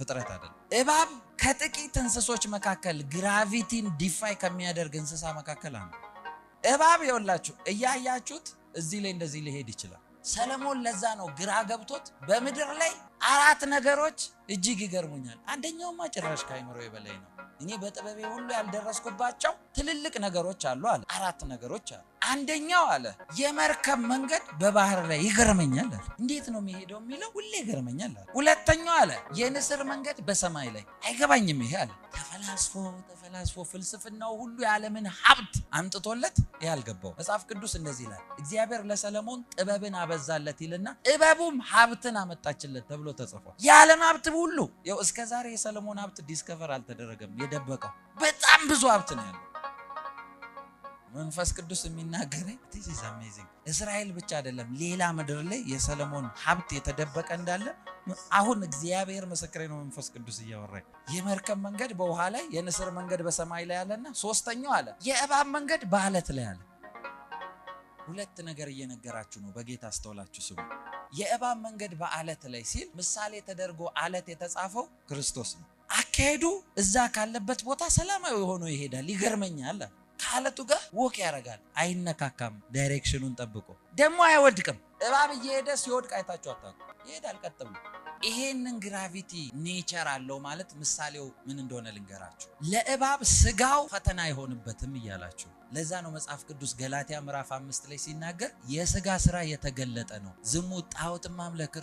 ፍጥረት አይደለም። እባብ ከጥቂት እንስሶች መካከል ግራቪቲን ዲፋይ ከሚያደርግ እንስሳ መካከል አንዱ እባብ የወላችሁ እያያችሁት እዚህ ላይ እንደዚህ ሊሄድ ይችላል። ሰለሞን ለዛ ነው ግራ ገብቶት በምድር ላይ አራት ነገሮች እጅግ ይገርሙኛል። አንደኛውማ ጭራሽ ከአይምሮ በላይ ነው። እኔ በጥበቤ ሁሉ ያልደረስኩባቸው ትልልቅ ነገሮች አሉ አለ። አራት ነገሮች አሉ አንደኛው አለ የመርከብ መንገድ በባህር ላይ ይገርመኛል አለ። እንዴት ነው የሚሄደው የሚለው ሁሌ ይገርመኛል አለ። ሁለተኛው አለ የንስር መንገድ በሰማይ ላይ አይገባኝም ይሄ አለ። ተፈላስፎ ተፈላስፎ ፍልስፍናው ሁሉ የዓለምን ሀብት አምጥቶለት ይህ አልገባው። መጽሐፍ ቅዱስ እንደዚህ ይላል፣ እግዚአብሔር ለሰለሞን ጥበብን አበዛለት ይልና ጥበቡም ሀብትን አመጣችለት ተብሎ ተጽፏል። የዓለም ሀብት ሁሉ እስከዛሬ የሰለሞን ሀብት ዲስከቨር አልተደረገም። የደበቀው በጣም ብዙ ሀብት ነው ያለው። መንፈስ ቅዱስ የሚናገረኝ እስራኤል ብቻ አይደለም፣ ሌላ ምድር ላይ የሰለሞን ሀብት የተደበቀ እንዳለ አሁን እግዚአብሔር ምስክሬ ነው። መንፈስ ቅዱስ እያወራኝ የመርከብ መንገድ በውሃ ላይ፣ የንስር መንገድ በሰማይ ላይ አለና ሶስተኛው አለ የእባብ መንገድ በአለት ላይ አለ። ሁለት ነገር እየነገራችሁ ነው። በጌታ አስተውላችሁ ስሙ። የእባብ መንገድ በአለት ላይ ሲል ምሳሌ ተደርጎ አለት የተጻፈው ክርስቶስ ነው። አካሄዱ እዛ ካለበት ቦታ ሰላማዊ ሆኖ ይሄዳል። ይገርመኛል። ከአለቱ ጋር ወክ ያደርጋል። አይነካካም። ዳይሬክሽኑን ጠብቆ ደግሞ አይወድቅም። እባብ እየሄደ ሲወድቅ አይታችሁ አታውቁም። ይሄዳል ቀጥ ይሄንን ግራቪቲ ኔቸር አለው ማለት ምሳሌው ምን እንደሆነ ልንገራችሁ። ለእባብ ስጋው ፈተና አይሆንበትም እያላችሁ ለዛ ነው መጽሐፍ ቅዱስ ገላትያ ምዕራፍ አምስት ላይ ሲናገር የስጋ ስራ የተገለጠ ነው፣ ዝሙት፣ ጣዖትን ማምለክ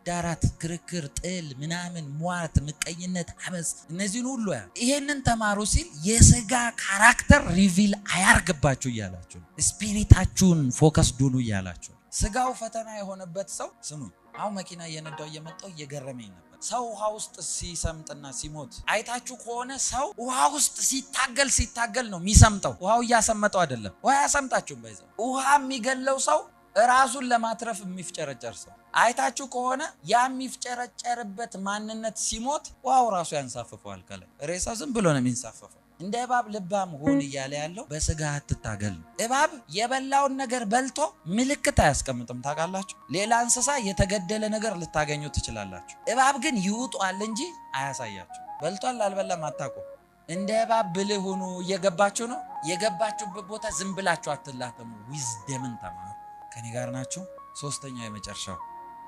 መዳራት፣ ክርክር፣ ጥል፣ ምናምን፣ ሟርት፣ ምቀኝነት፣ አመፅ እነዚህን ሁሉ ያ ይሄንን ተማሩ ሲል የስጋ ካራክተር ሪቪል አያርግባችሁ እያላችሁ ስፒሪታችሁን ፎከስ ዱኑ እያላችሁ ስጋው ፈተና የሆነበት ሰው ስሙ። አሁን መኪና እየነዳው እየመጣው እየገረመኝ ነበር። ሰው ውሃ ውስጥ ሲሰምጥና ሲሞት አይታችሁ ከሆነ ሰው ውሃ ውስጥ ሲታገል ሲታገል ነው የሚሰምጠው። ውሃው እያሰመጠው አይደለም። ውሃ ያሰምጣችሁም። በይዘው ውሃ የሚገለው ሰው ራሱን ለማትረፍ የሚፍጨረጨር ሰው አይታችሁ ከሆነ ያ የሚፍጨረጨርበት ማንነት ሲሞት ዋው ራሱ ያንሳፈፈዋል። ከላይ ሬሳው ዝም ብሎ ነው የሚንሳፈፈው። እንደ እባብ ልባም ሆን እያለ ያለው በስጋ አትታገል ነው። እባብ የበላውን ነገር በልቶ ምልክት አያስቀምጥም። ታውቃላችሁ፣ ሌላ እንስሳ የተገደለ ነገር ልታገኙ ትችላላችሁ። እባብ ግን ይውጧል እንጂ አያሳያችሁ። በልቷል አልበላም አታውቁ። እንደ እባብ ብልህ ሁኑ። እየገባችሁ ነው። የገባችሁበት ቦታ ዝም ብላችሁ አትላተሙ። ዊዝደምን ተማሩ። ከኔ ጋር ናችሁ። ሶስተኛው የመጨረሻው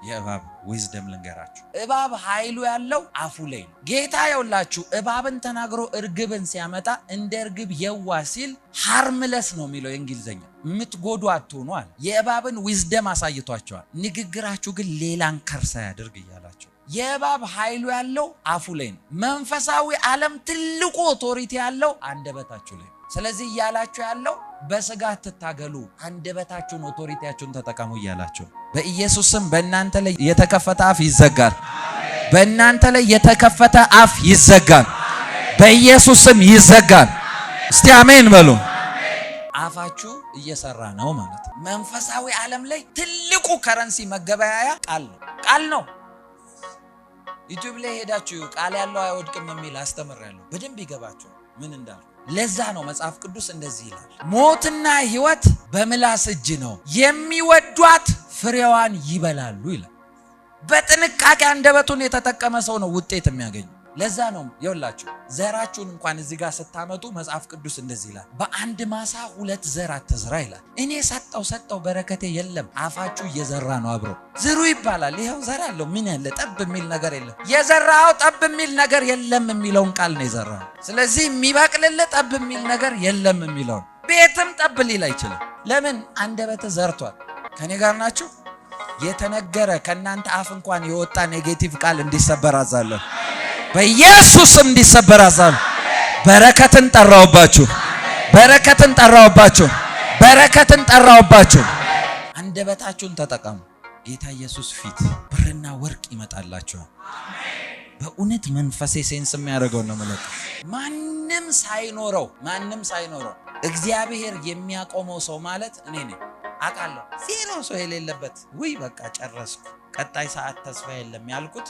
የእባብ ዊዝደም ልንገራችሁ። እባብ ኃይሉ ያለው አፉ ላይ ነው። ጌታ የውላችሁ እባብን ተናግሮ እርግብን ሲያመጣ እንደ እርግብ የዋ ሲል ሃርምለስ ነው የሚለው የእንግሊዝኛ የምትጎዱ አትሆኑ አለ። የእባብን ዊዝደም አሳይቷቸዋል። ንግግራችሁ ግን ሌላን ከርሳ ያደርግ እያላቸው የእባብ ኃይሉ ያለው አፉ ላይ ነው። መንፈሳዊ ዓለም ትልቁ ኦቶሪቲ ያለው አንደበታችሁ ላይ ነው። ስለዚህ እያላችሁ ያለው በስጋ ትታገሉ አንደበታችሁን ኦቶሪቲያችሁን ተጠቀሙ እያላቸው በኢየሱስ ስም በእናንተ ላይ የተከፈተ አፍ ይዘጋል። በእናንተ ላይ የተከፈተ አፍ ይዘጋል። በኢየሱስ ስም ይዘጋል። እስቲ አሜን በሉ። አፋችሁ እየሰራ ነው ማለት ነው። መንፈሳዊ ዓለም ላይ ትልቁ ከረንሲ መገበያያ ቃል ነው። ቃል ነው። ዩቲዩብ ላይ ሄዳችሁ ቃል ያለው አይወድቅም የሚል አስተምራለሁ። በደንብ ይገባችሁ ምን እንዳለ ለዛ ነው መጽሐፍ ቅዱስ እንደዚህ ይላል፣ ሞትና ሕይወት በምላስ እጅ ነው፣ የሚወዷት ፍሬዋን ይበላሉ ይላል። በጥንቃቄ አንደበቱን የተጠቀመ ሰው ነው ውጤት የሚያገኘው። ለዛ ነው የወላችሁ። ዘራችሁን እንኳን እዚህ ጋር ስታመጡ መጽሐፍ ቅዱስ እንደዚህ ይላል፣ በአንድ ማሳ ሁለት ዘር አትዝራ ይላል። እኔ ሰጠው ሰጠው በረከቴ የለም፣ አፋችሁ እየዘራ ነው። አብሮ ዝሩ ይባላል። ይኸው ዘር አለው። ምን ያለ ጠብ የሚል ነገር የለም። የዘራው ጠብ የሚል ነገር የለም የሚለውን ቃል ነው የዘራ። ስለዚህ የሚበቅልልህ ጠብ የሚል ነገር የለም የሚለውን ቤትም ጠብ ሊል አይችልም። ለምን አንደበተ ዘርቷል። ከኔ ጋር ናችሁ። የተነገረ ከእናንተ አፍ እንኳን የወጣ ኔጌቲቭ ቃል እንዲሰበር አዛለሁ። በኢየሱስም እንዲሰበር አዛል በረከትን ጠራውባችሁ፣ በረከትን ጠራውባችሁ፣ በረከትን ጠራውባችሁ። አንደበታችሁን ተጠቀሙ። ጌታ ኢየሱስ ፊት ብርና ወርቅ ይመጣላችኋል። በእውነት መንፈሴ ሴንስ የሚያደርገው ነው ማለት ማንም ሳይኖረው ማንም ሳይኖረው እግዚአብሔር የሚያቆመው ሰው ማለት እኔ ነኝ። አቃለሁ ዜሮ ሰው የሌለበት ውይ በቃ ጨረስኩ ቀጣይ ሰዓት ተስፋ የለም ያልኩት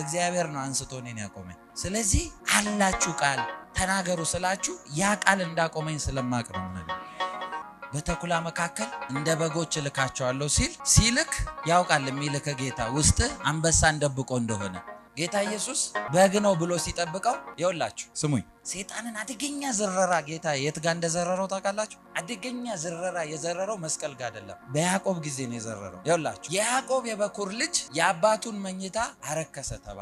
እግዚአብሔር ነው አንስቶ እኔን ያቆመኝ። ስለዚህ አላችሁ ቃል ተናገሩ ስላችሁ ያ ቃል እንዳቆመኝ ስለማቅ ነው በተኩላ መካከል እንደ በጎች እልካቸዋለሁ ሲል ሲልክ ያውቃል የሚልክ ጌታ ውስጥ አንበሳ እንደብቆ እንደሆነ ጌታ ኢየሱስ በግ ነው ብሎ ሲጠብቀው ይውላችሁ፣ ስሙኝ፣ ሴጣንን አደገኛ ዝረራ ጌታ የት ጋር እንደዘረረው ታውቃላችሁ? አደገኛ ዝረራ የዘረረው መስቀል ጋር አይደለም፣ በያዕቆብ ጊዜ ነው የዘረረው። ይውላችሁ፣ የያዕቆብ የበኩር ልጅ የአባቱን መኝታ አረከሰ ተባለ።